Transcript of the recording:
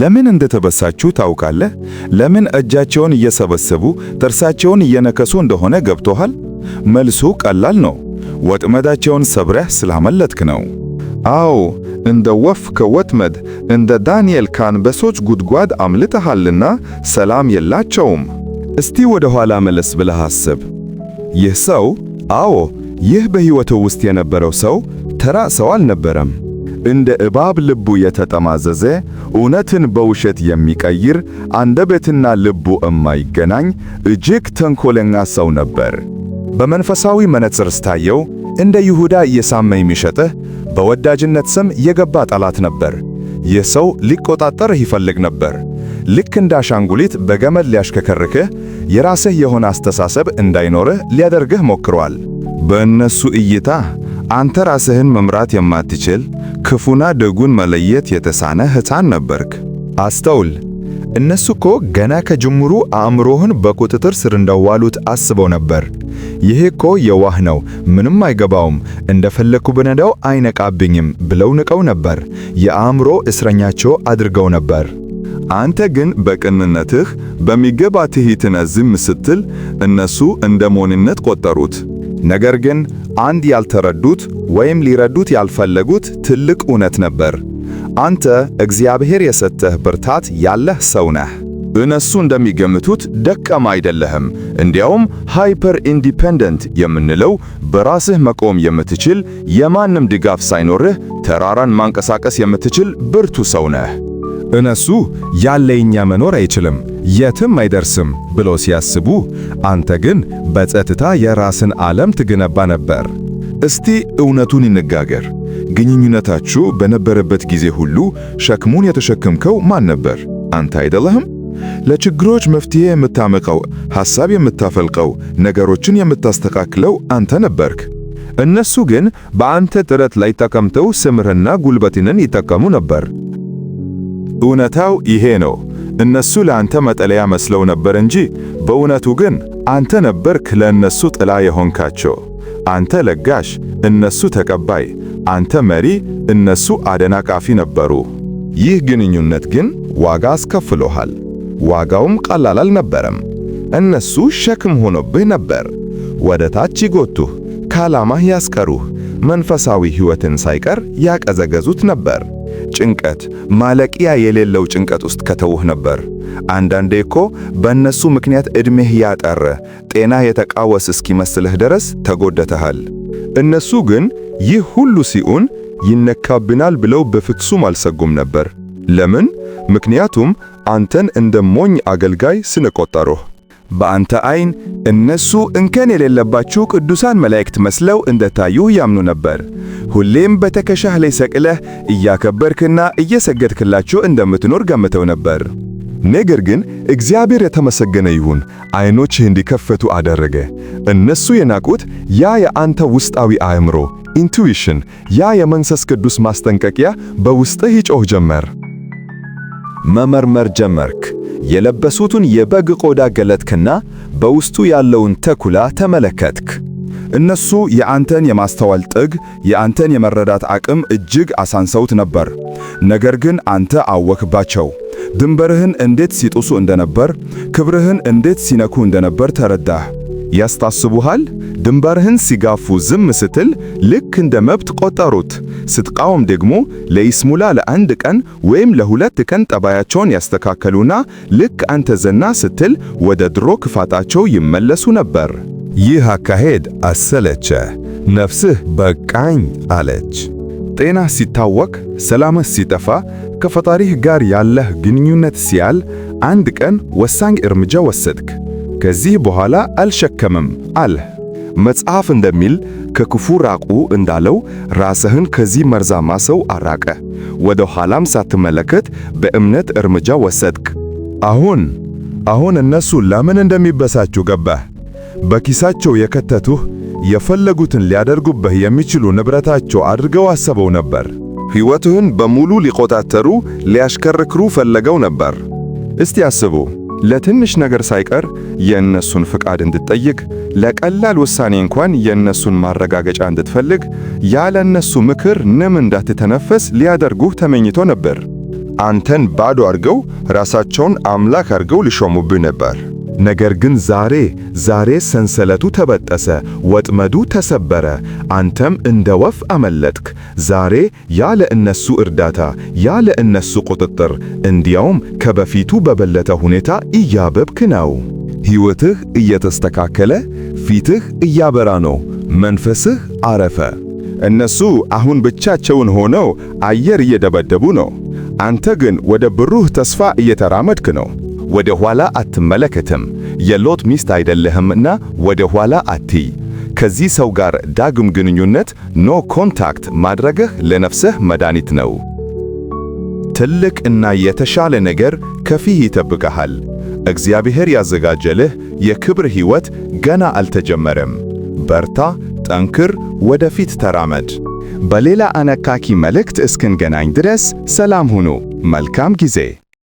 ለምን እንደተበሳችሁ ታውቃለህ? ለምን እጃቸውን እየሰበሰቡ ጥርሳቸውን እየነከሱ እንደሆነ ገብቶሃል? መልሱ ቀላል ነው። ወጥመዳቸውን ሰብረህ ስላመለጥክ ነው። አዎ እንደ ወፍ ከወጥመድ እንደ ዳንኤል ከአንበሶች ጉድጓድ አምልጠሃልና ሰላም የላቸውም። እስቲ ወደ ኋላ መለስ ብለህ አስብ። ይህ ሰው አዎ፣ ይህ በሕይወቱ ውስጥ የነበረው ሰው ተራ ሰው አልነበረም። እንደ እባብ ልቡ የተጠማዘዘ እውነትን በውሸት የሚቀይር አንደበትና ልቡ እማይገናኝ እጅግ ተንኮለኛ ሰው ነበር። በመንፈሳዊ መነጽር ስታየው እንደ ይሁዳ እየሳመ የሚሸጥህ በወዳጅነት ስም የገባ ጠላት ነበር። ይህ ሰው ሊቆጣጠርህ ይፈልግ ነበር። ልክ እንደ አሻንጉሊት በገመድ ሊያሽከከርክህ፣ የራስህ የሆነ አስተሳሰብ እንዳይኖርህ ሊያደርግህ ሞክሯል። በእነሱ እይታ አንተ ራስህን መምራት የማትችል ክፉና ደጉን መለየት የተሳነ ሕፃን ነበርክ። አስተውል፣ እነሱ እኮ ገና ከጅምሩ አእምሮህን በቁጥጥር ስር እንዳዋሉት አስበው ነበር። ይሄ እኮ የዋህ ነው፣ ምንም አይገባውም፣ እንደፈለግኩ ብነዳው አይነቃብኝም ብለው ንቀው ነበር። የአእምሮ እስረኛቸው አድርገው ነበር። አንተ ግን በቅንነትህ በሚገባ ትሑትነህ ዝም ስትል እነሱ እንደ ሞኝነት ቆጠሩት። ነገር ግን አንድ ያልተረዱት ወይም ሊረዱት ያልፈለጉት ትልቅ እውነት ነበር። አንተ እግዚአብሔር የሰጠህ ብርታት ያለህ ሰው ነህ። እነሱ እንደሚገምቱት ደካማ አይደለህም። እንዲያውም ሃይፐር ኢንዲፔንደንት የምንለው በራስህ መቆም የምትችል የማንም ድጋፍ ሳይኖርህ ተራራን ማንቀሳቀስ የምትችል ብርቱ ሰው ነህ። እነሱ ያለኛ መኖር አይችልም የትም አይደርስም ብሎ ሲያስቡ፣ አንተ ግን በጸጥታ የራስን ዓለም ትገነባ ነበር። እስቲ እውነቱን ይነጋገር። ግንኙነታችሁ በነበረበት ጊዜ ሁሉ ሸክሙን የተሸከምከው ማን ነበር? አንተ አይደለህም? ለችግሮች መፍትሄ የምታመቀው፣ ሐሳብ የምታፈልቀው፣ ነገሮችን የምታስተካክለው አንተ ነበርክ። እነሱ ግን በአንተ ጥረት ላይ ተቀምጠው ስምህንና ጉልበትህን ይጠቀሙ ነበር። እውነታው ይሄ ነው። እነሱ ለአንተ መጠለያ መስለው ነበር እንጂ በእውነቱ ግን አንተ ነበርክ ለእነሱ ጥላ የሆንካቸው። አንተ ለጋሽ፣ እነሱ ተቀባይ፣ አንተ መሪ፣ እነሱ አደናቃፊ ነበሩ። ይህ ግንኙነት ግን ዋጋ አስከፍሎሃል። ዋጋውም ቀላል አልነበረም። እነሱ ሸክም ሆኖብህ ነበር። ወደ ታች ይጎቱህ፣ ከዓላማህ ያስቀሩህ፣ መንፈሳዊ ሕይወትን ሳይቀር ያቀዘገዙት ነበር። ጭንቀት፣ ማለቂያ የሌለው ጭንቀት ውስጥ ከተውህ ነበር። አንዳንዴ እኮ በእነሱ ምክንያት ዕድሜህ ያጠረ፣ ጤና የተቃወስ እስኪመስልህ ድረስ ተጎድተሃል። እነሱ ግን ይህ ሁሉ ሲኡን ይነካብናል ብለው በፍጹም አልሰጉም ነበር። ለምን? ምክንያቱም አንተን እንደ ሞኝ አገልጋይ ስንቆጠሩህ። በአንተ ዓይን እነሱ እንከን የሌለባችሁ ቅዱሳን መላእክት መስለው እንደታዩህ ያምኑ ነበር። ሁሌም በትከሻህ ላይ ሰቅለህ እያከበርክና እየሰገድክላቸው እንደምትኖር ገምተው ነበር። ነገር ግን እግዚአብሔር የተመሰገነ ይሁን አይኖች እንዲከፈቱ አደረገ። እነሱ የናቁት ያ የአንተ ውስጣዊ አእምሮ ኢንቱዊሽን፣ ያ የመንፈስ ቅዱስ ማስጠንቀቂያ በውስጥህ ይጮህ ጀመር። መመርመር ጀመርክ። የለበሱትን የበግ ቆዳ ገለጥክና በውስጡ ያለውን ተኩላ ተመለከትክ። እነሱ የአንተን የማስተዋል ጥግ፣ የአንተን የመረዳት አቅም እጅግ አሳንሰውት ነበር። ነገር ግን አንተ አወክባቸው። ድንበርህን እንዴት ሲጥሱ እንደነበር፣ ክብርህን እንዴት ሲነኩ እንደነበር ተረዳህ። ያስታስቡሃል? ድንበርህን ሲጋፉ ዝም ስትል ልክ እንደ መብት ቆጠሩት። ስትቃወም ደግሞ ለይስሙላ ለአንድ ቀን ወይም ለሁለት ቀን ጠባያቸውን ያስተካከሉና ልክ አንተ ዘና ስትል ወደ ድሮ ክፋታቸው ይመለሱ ነበር። ይህ አካሄድ አሰለቸ። ነፍስህ በቃኝ አለች። ጤና ሲታወክ፣ ሰላምህ ሲጠፋ፣ ከፈጣሪህ ጋር ያለህ ግንኙነት ሲያል፣ አንድ ቀን ወሳኝ እርምጃ ወሰድክ። ከዚህ በኋላ አልሸከምም አልህ። መጽሐፍ እንደሚል ከክፉ ራቁ እንዳለው ራስህን ከዚህ መርዛማ ሰው አራቀ። ወደ ኋላም ሳትመለከት በእምነት እርምጃ ወሰድክ። አሁን አሁን እነሱ ለምን እንደሚበሳችሁ ገባህ። በኪሳቸው የከተቱህ የፈለጉትን ሊያደርጉብህ የሚችሉ ንብረታቸው አድርገው አሰበው ነበር። ሕይወትህን በሙሉ ሊቆጣጠሩ ሊያሽከርክሩ ፈለገው ነበር። እስቲ አስቡ፣ ለትንሽ ነገር ሳይቀር የእነሱን ፍቃድ እንድትጠይቅ፣ ለቀላል ውሳኔ እንኳን የእነሱን ማረጋገጫ እንድትፈልግ፣ ያለ እነሱ ምክር ንም እንዳትተነፈስ ሊያደርጉህ ተመኝቶ ነበር። አንተን ባዶ አድርገው ራሳቸውን አምላክ አድርገው ሊሾሙብህ ነበር። ነገር ግን ዛሬ ዛሬ ሰንሰለቱ ተበጠሰ፣ ወጥመዱ ተሰበረ፣ አንተም እንደ ወፍ አመለጥክ። ዛሬ ያለ እነሱ እርዳታ፣ ያለ እነሱ ቁጥጥር፣ እንዲያውም ከበፊቱ በበለጠ ሁኔታ እያበብክ ነው። ሕይወትህ እየተስተካከለ፣ ፊትህ እያበራ ነው፣ መንፈስህ አረፈ። እነሱ አሁን ብቻቸውን ሆነው አየር እየደበደቡ ነው። አንተ ግን ወደ ብሩህ ተስፋ እየተራመድክ ነው። ወደ ኋላ አትመለከትም። የሎጥ ሚስት አይደለህምና ወደ ኋላ አትይ። ከዚህ ሰው ጋር ዳግም ግንኙነት ኖ ኮንታክት ማድረግህ ለነፍስህ መድኃኒት ነው። ትልቅ እና የተሻለ ነገር ከፊህ ይጠብቅሃል። እግዚአብሔር ያዘጋጀልህ የክብር ሕይወት ገና አልተጀመረም። በርታ፣ ጠንክር፣ ወደፊት ተራመድ። በሌላ አነካኪ መልእክት እስክንገናኝ ድረስ ሰላም ሁኑ። መልካም ጊዜ